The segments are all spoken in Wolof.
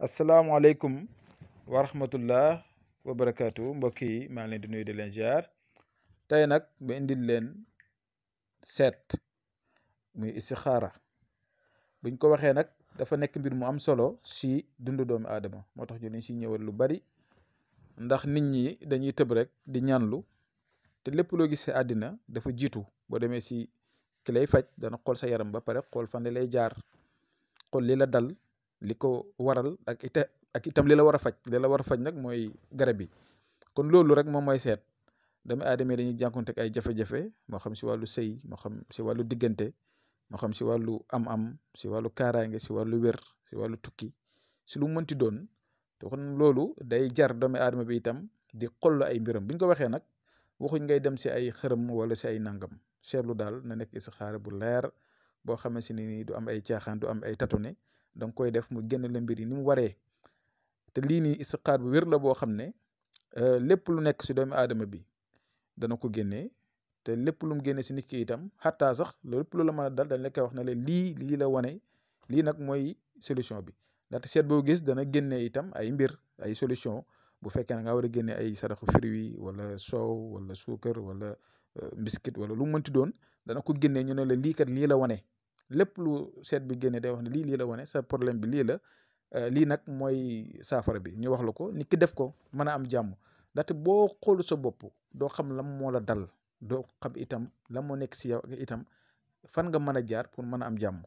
Assalamualaikum warahmatullah wabarakatuh. wa barakaatu yi maa ngi di nuyu di len ziar Tay nak ba indil len set muy istikhara. buñ ko waxe nak dafa nek mbir mu am solo si dundu doomu adama. Motax ñu ci si lu bari ndax nit ñi dañuy teub rek di ñaanlu te lepp lo gisee adina dafa jitu bo demee si kilay fajj dana xol sa yaram ba pare xol fan lay jaar Xol li la dal li ko waral ak ite ak itam li la war a faj li la war a faj nag mooy garab yi kon loolu rek moom mooy seet doomu aadama dañuy jànkonte ak ay jafe-jafe moo xam si wàllu sëy moo xam si wàllu diggante moo xam si wàllu am-am si wàllu kaaraange si wàllu wér si wàllu tukki si lu mënti doon te kon loolu day jar doomu adama bi itam di xollu ay mbiram bu ko waxee nag waxuñ ngay dem si ay xërëm wala si ay nangam seetlu daal na nekk istixaara bu leer boo xamante ne nii du am ay caaxaan du am ay tatone da koy def mu génn la mbir yi ni mu waree te lii nii istixaar bu wér la boo xam ne euh, lépp lu nekk si doomu aadama bi dana ko génnee te lépp lum mu génne si nit ki itam xattaa sax lépp lu la mën a dal dañ wax na la lii lii la wane lii nag mooy solution bi ndaxte seet boo gis dana génne itam ay mbir ay solution bu fekkee na nga war a génne ay saraxu fruits wala soow wala suukar wala mbiskit euh, wala lu mu mënti doon dana ko génnee ñu ne la kat lii la wane lépp lu seet bi génne day wax ne lii lii la wane sa problème bi lii la euh, lii nag mooy saafara bi ñu wax la ko nit ki def ko mën am jàmm ndaxte boo xoolu sa bopp doo xam lan moo dal doo xam itam lan moo nekk si yow itam fan nga mën a jaar pour mën a am jàmm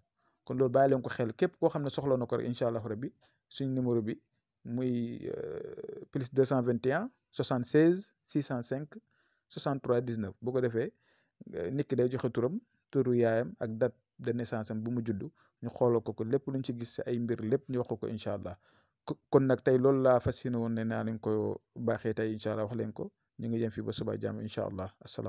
kon loolu bàyyi leen ko xeel képp koo xam ne soxla na ko rek incha allah rabbi suñ numéro bi muy euh, plus 221 76 605 63 19 bu ko defee euh, nit ki day joxe turam turu ak date. de naissance am bu mu judd ñu xoolal ko ko lépp luñ ci gis si ay mbir lépp ñu wax ko ko allah kon nag tey loolu laa fas yéene woon ne naa leen ko baaxee tey incha allah wax leen ko ñu ngi yem fii ba suba jàmm incha allah asalaam